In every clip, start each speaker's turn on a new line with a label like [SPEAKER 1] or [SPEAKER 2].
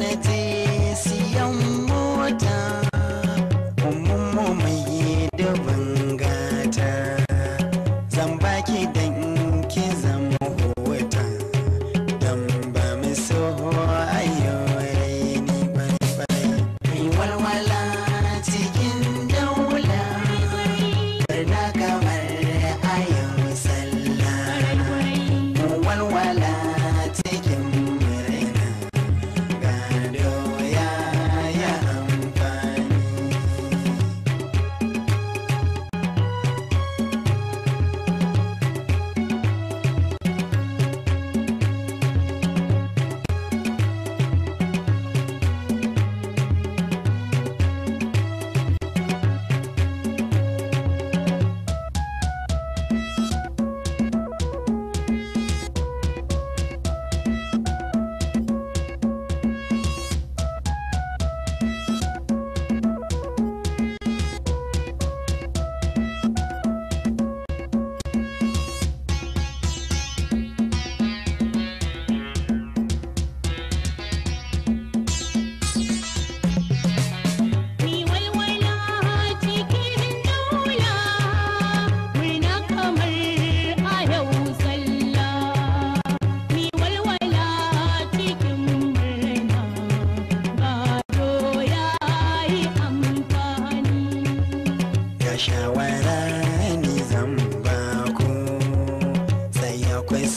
[SPEAKER 1] I see you.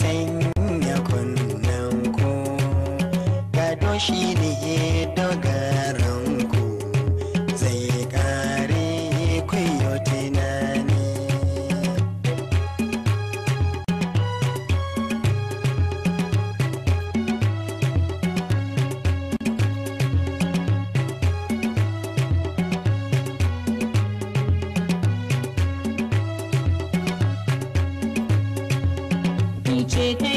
[SPEAKER 1] sanya kunnen ku gado shi ne dogara
[SPEAKER 2] take